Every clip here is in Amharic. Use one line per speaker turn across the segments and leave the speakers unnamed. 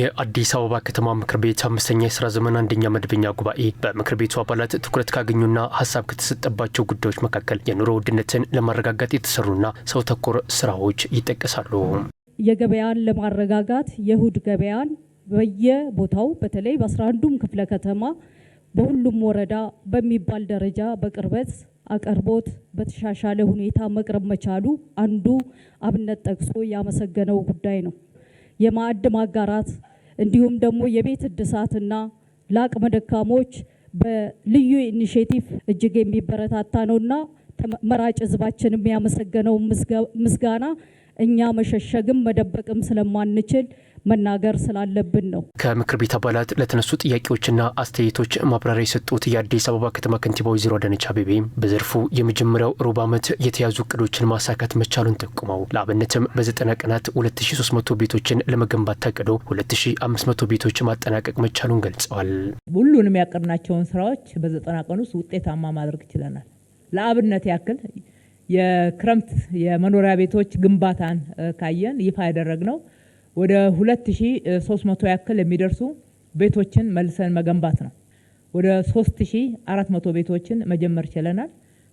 የአዲስ አበባ ከተማ ምክር ቤት አምስተኛ የስራ ዘመን አንደኛ መደበኛ ጉባኤ በምክር ቤቱ አባላት ትኩረት ካገኙና ሀሳብ ከተሰጠባቸው ጉዳዮች መካከል የኑሮ ውድነትን ለማረጋጋት የተሰሩና ሰው ተኮር ስራዎች ይጠቀሳሉ።
የገበያን ለማረጋጋት የእሁድ ገበያን በየቦታው በተለይ በአስራ አንዱም ክፍለ ከተማ በሁሉም ወረዳ በሚባል ደረጃ በቅርበት አቅርቦት በተሻሻለ ሁኔታ መቅረብ መቻሉ አንዱ አብነት ጠቅሶ ያመሰገነው ጉዳይ ነው። የማዕድ ማጋራት እንዲሁም ደግሞ የቤት እድሳትና ለአቅመ ደካሞች በልዩ ኢኒሽቲቭ እጅግ የሚበረታታ ነውና መራጭ ህዝባችን የሚያመሰገነው ምስጋና እኛ መሸሸግም መደበቅም ስለማንችል መናገር ስላለብን ነው።
ከምክር ቤት አባላት ለተነሱ ጥያቄዎችና አስተያየቶች ማብራሪያ የሰጡት የአዲስ አበባ ከተማ ከንቲባ ወይዘሮ አዳነች አቤቤ በዘርፉ የመጀመሪያው ሩብ ዓመት የተያዙ እቅዶችን ማሳካት መቻሉን ጠቁመው ለአብነትም በዘጠና ቀናት 2300 ቤቶችን ለመገንባት ታቅዶ 2500 ቤቶች ማጠናቀቅ መቻሉን ገልጸዋል።
ሁሉንም ያቀድናቸውን ስራዎች በዘጠና ቀን ውስጥ ውጤታማ ማድረግ ችለናል። ለአብነት ያክል የክረምት የመኖሪያ ቤቶች ግንባታን ካየን ይፋ ያደረግነው ወደ 2300 ያክል የሚደርሱ ቤቶችን መልሰን መገንባት ነው። ወደ 3400 ቤቶችን መጀመር ችለናል።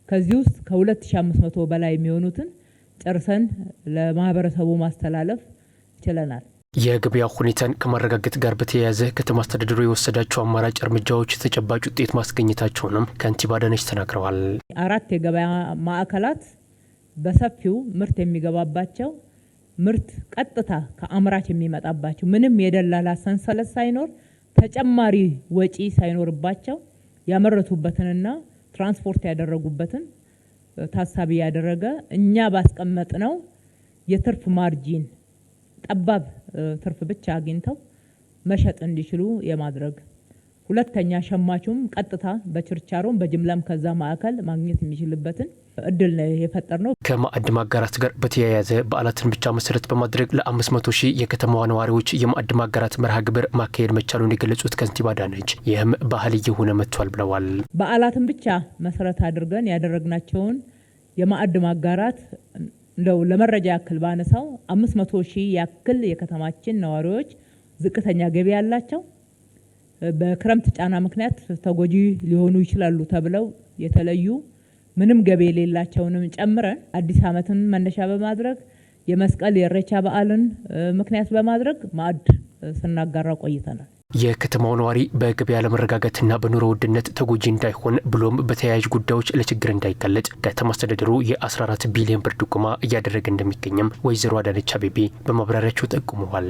ከዚህ ውስጥ ከ2500 በላይ የሚሆኑትን ጨርሰን ለማህበረሰቡ ማስተላለፍ ችለናል።
የገበያ ሁኔታን ከማረጋገጥ ጋር በተያያዘ ከተማ አስተዳደሩ የወሰዳቸው አማራጭ እርምጃዎች ተጨባጭ ውጤት ማስገኘታቸውንም ከንቲባ አዳነች ተናግረዋል።
አራት የገበያ ማዕከላት በሰፊው ምርት የሚገባባቸው ምርት ቀጥታ ከአምራች የሚመጣባቸው ምንም የደላላ ሰንሰለት ሳይኖር ተጨማሪ ወጪ ሳይኖርባቸው ያመረቱበትንና ትራንስፖርት ያደረጉበትን ታሳቢ ያደረገ እኛ ባስቀመጥ ነው የትርፍ ማርጂን ጠባብ ትርፍ ብቻ አግኝተው መሸጥ እንዲችሉ የማድረግ ሁለተኛ ሸማቹም ቀጥታ በችርቻሮም በጅምላም ከዛ ማዕከል ማግኘት የሚችልበትን እድል ነው የፈጠር ነው።
ከማዕድ ማጋራት ጋር በተያያዘ በዓላትን ብቻ መሰረት በማድረግ ለ500 ሺህ የከተማዋ ነዋሪዎች የማዕድ ማጋራት መርሃ ግብር ማካሄድ መቻሉን የገለጹት ከንቲባ አዳነች ይህም ባህል እየሆነ መጥቷል ብለዋል።
በዓላትን ብቻ መሰረት አድርገን ያደረግናቸውን የማዕድ ማጋራት እንደው ለመረጃ ያክል ባነሳው 500 ሺህ ያክል የከተማችን ነዋሪዎች ዝቅተኛ ገቢ ያላቸው በክረምት ጫና ምክንያት ተጎጂ ሊሆኑ ይችላሉ ተብለው የተለዩ ምንም ገቢ የሌላቸውንም ጨምረን አዲስ አመትን መነሻ በማድረግ የመስቀል የእሬቻ በዓልን ምክንያት በማድረግ ማዕድ ስናጋራ ቆይተናል።
የከተማው ነዋሪ በገበያ አለመረጋጋትና በኑሮ ውድነት ተጎጂ እንዳይሆን ብሎም በተያያዥ ጉዳዮች ለችግር እንዳይጋለጥ ከተማ አስተዳደሩ የ14 ቢሊዮን ብር ድጎማ እያደረገ እንደሚገኝም ወይዘሮ አዳነች አቤቤ በማብራሪያቸው ጠቁመዋል።